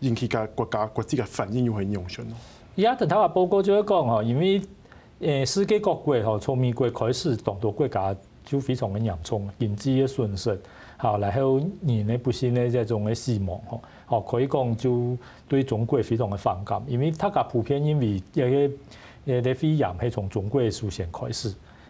引起個國家、國際反應，應用，又很嚴重咯。伊家聽頭話報告就係講吼，因為誒，世界各國吼，從美國開始，多個國家就非常嘅嚴重，經濟嘅損失吼，然後人嘅不幸咧，即種仲死亡吼，可以講就對中國非常嘅反感，因為他個普遍因為誒啲肺炎係從中國出現開始。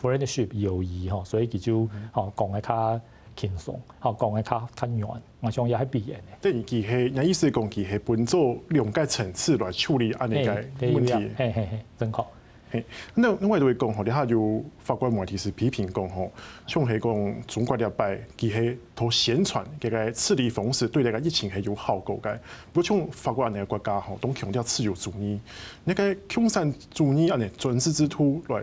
friendship 友誼吼，所以其實就講嘅較輕鬆，講嘅較遠。我想也喺邊嘅？即係佢係，人哋意思講佢係本着兩個層次來處理呢個問題。正確。那另外一位講，佢下就法官問題是批評講，吼，像係講中國啲阿伯，佢都宣傳佢嘅處理方式對呢個疫情係有效果嘅。不過，像法官呢個國家，嗬，都強調自由主義，你、那、嘅、個、強身主義啊，呢專制之徒來。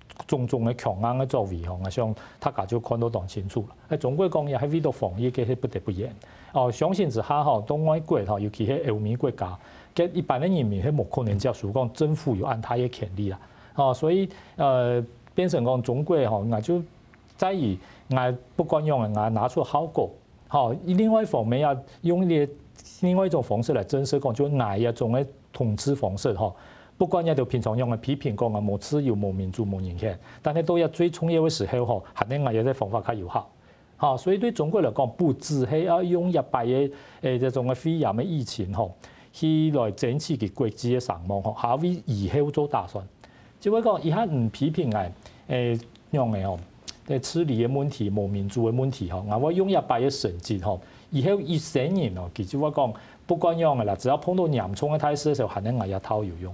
重重的強硬嘅作為吼，嗬，我想大家就看到當清楚了。喺中國講嘢喺呢度防疫，佢、那、係、個、不得不嚴，哦，相信一下嗬，當我國嗬，尤其是歐美國家，佢一般嘅人民係冇可能接受講政府有安他嘅權利啦。哦，所以呃變成講中國吼，我就在於我不管用的，我拿出效果。好、哦，另外一方面要用一、那個、另外一種方式來震懾講，就另、是、一種嘅統治方式，吼。不管一啲平常用嘅批評講啊無自由又無民主無人權，但係到一最重要嘅時候吼，可能我有啲方法較有效，嚇、哦，所以對中國嚟講，不只是、那個、用一百嘅誒這種嘅肺炎嘅疫情吼、哦，去來整取嘅國際嘅聲望，嚇、啊，後尾以後做打算。即係我講以後唔批評人誒用嘅即對處理嘅問題無民主嘅問題吼，嚇，我用一百嘅成績吼，以後二十年哦，其實我講不管用嘅啦，只要碰到嚴重嘅態勢嘅時候，可能我一套有用。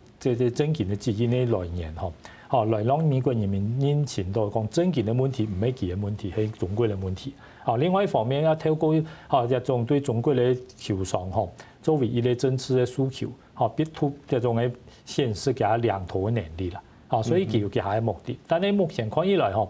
即係增建嘅資金呢來源，吼，哦，來讓美國人民，民認清到講增建嘅問題唔係自己嘅問題，問題，係中國嘅問題哦，另外一方面要透過哦，一種對中國嘅求償吼，作為一個政策嘅需求，哦，別突這種嘅現實給他量的，加兩頭能力啦。哦，所以佢有佢下目的。但係目前看以來吼。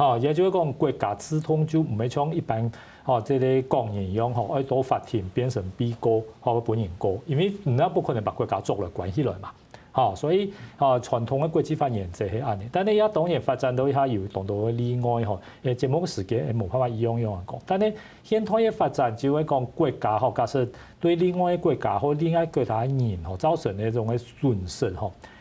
吼，也就係講國家傳統就毋係像一般吼即係講營養吼，愛到法庭變成被告，吼本人告，因為毋係不可能把國家作來關起來嘛。吼。所以吼，傳統嘅國際法音就喺安尼，但你一當然發展到一下，要講到例外吼，誒節目時間會無法一樣一樣講，但你現通一發展，就會講國家吼，假設對另外國家或另外的國家的人吼，造成嘅種種損失吼。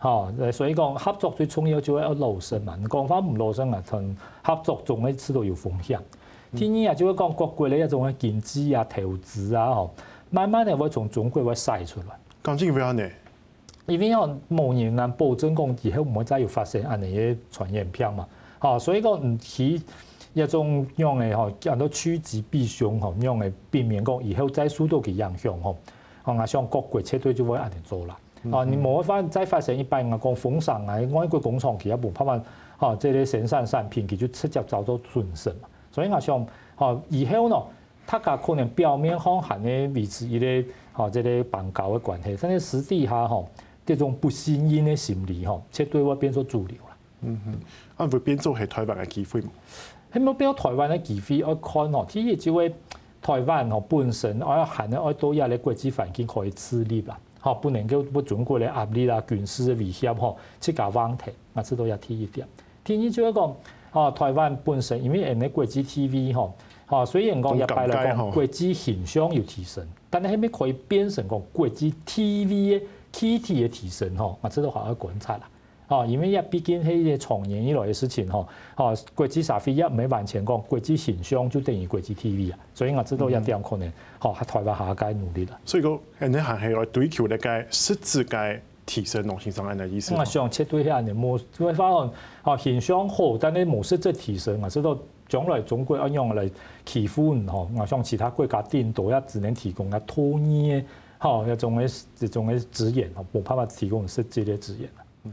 吼，所以講合作最重要就係要路順嘛。你講翻唔線啊，同合作仲係知道有風險。天依啊，就係講，國外咧，種誒經濟啊、投資啊，慢慢誒會從中國會使出來。講真唔要呢，因為無人敢保證講以後毋要再有發生安尼誒傳染病嘛。吼，所以講唔起一種種誒吼，叫做趨吉避凶吼，咁誒避免講以後再受到佢影響吼。吼啊，像國外車隊就會安尼做啦。啊、嗯嗯！你無法再發生一班啊，講封商啊，我喺工廠其實無拍分，吼，即個生產產品其實直接遭到損失。所以我想，吼，以後呢，他甲可能表面好含嘅維持伊咧吼，即個朋友嘅關係，但係實際下，吼，這種不信任嘅心理，吼，且對我變咗主流啦、嗯嗯。嗯哼，啊會變做係台灣嘅機會冇？係咪變做台灣嘅機會？我看吼，其實只會台灣吼本身，我閒嘅我都喺咧國際環境可以處理啦。吼，不能夠不準確的壓力啦，軍事威脅嚇，呢個問題我即都要提一點。添一就一個，吼，台灣本身因為誒啲國際 TV 嗬、哦，吼、啊，所以講講一排嚟講國際形象有提升，但係係咪可以變成講國際 TV 嘅體質嘅提升、哦？嚇，我知到好好觀察啦。哦，因為一畢竟係個長遠依類嘅事情，吼，吼國際社會一唔係完全講國際形象就等於國際 TV 啊，所以我知道要有啲樣可能，哦、嗯，喺台灣下屆努力啦。所以講，你還係要追求嚟個實質嘅提升農業形象嘅意思。我想切對下啲模式，因為發覺哦形象好，但係模式質提升，我知道將來中國一樣來欺負你，吼，我想其他國家顛倒也只能提供一拖二，吼，一種嘅一種嘅資源，冇、啊、辦法提供實際嘅資源啦。